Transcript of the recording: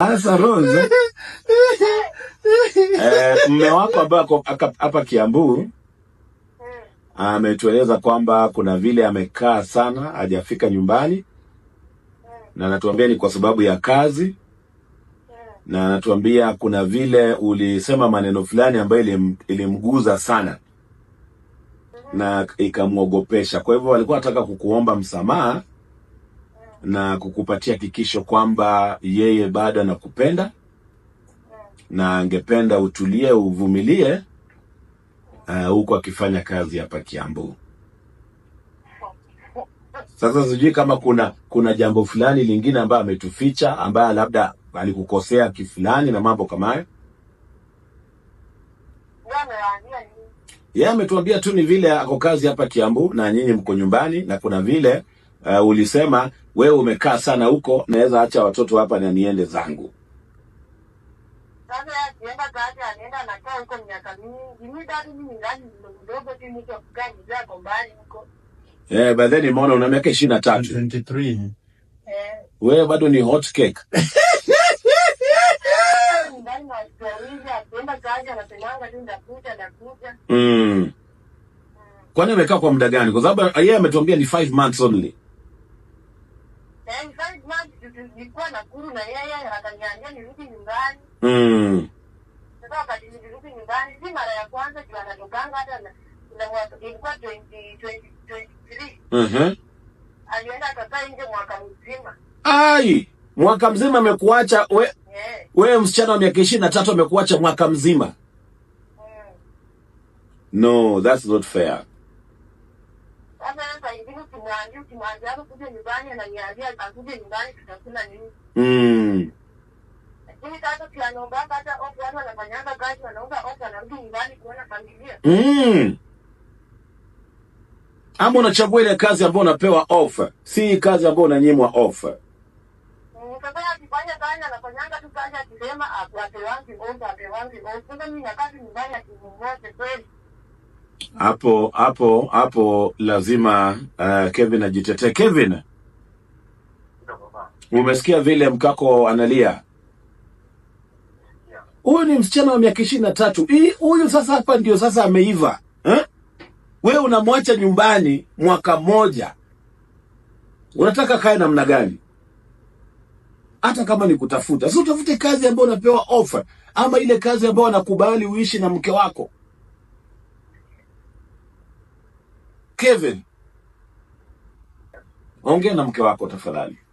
Sasa Rose, eh, mme wako ambaye ako hapa Kiambu eh. ametueleza kwamba kuna vile amekaa sana hajafika nyumbani, eh. na anatuambia ni kwa sababu ya kazi, eh. na anatuambia kuna vile ulisema maneno fulani ambayo ilim, ilimguza sana na ikamwogopesha, kwa hivyo alikuwa anataka kukuomba msamaha na kukupatia hakikisho kwamba yeye bado anakupenda na angependa utulie, uvumilie huko uh, akifanya kazi hapa Kiambu. Sasa sijui kama kuna kuna jambo fulani lingine ambayo ametuficha, ambayo labda alikukosea kifulani na mambo kama hayo. Yeye ametuambia tu ni vile ako kazi hapa Kiambu na nyinyi mko nyumbani, na kuna vile uh, ulisema wewe umekaa sana huko, naweza acha watoto hapa na niende zangu. Eh, but then imeona una miaka ishirini na tatu eh. wewe bado ni hot cake. Mm. mm. Kwani amekaa kwa muda gani? Kwa sababu yeye ametuambia ni five months only nilikuwa na yeye akaniambia nirudi nyumbani. Mm. Sasa wakati nilirudi nyumbani, si mara ya kwanza juu anatokanga hata na, na ilikuwa 2023. Mhm. Alienda akakaa nje mwaka mzima. Ai, mwaka mzima amekuacha we yeah. We msichana wa miaka na tatu amekuacha mwaka mzima. Mm. No, that's not fair niwaambie kuja nyumbani, ananiambia nyumbani tutakula nini. Hmm. Lakini sasa hata ofu, watu wanafanyanga kazi, wanaomba ofu, wanarudi nyumbani kuona familia. Hmm. Ama unachagua ile kazi ambayo unapewa of si kazi ambayo unanyimwa of hapo hapo hapo lazima uh, Kevin ajitetee. Kevin, umesikia vile mkako analia? Huyu ni msichana wa miaka ishirini na tatu. Huyu sasa hapa ndio sasa ameiva eh? We unamwacha nyumbani mwaka moja, unataka kae namna gani? Hata kama ni kutafuta, si utafute kazi ambayo unapewa offer ama ile kazi ambayo anakubali uishi na mke wako כבד. הונגן המקרא כה תפלה לי.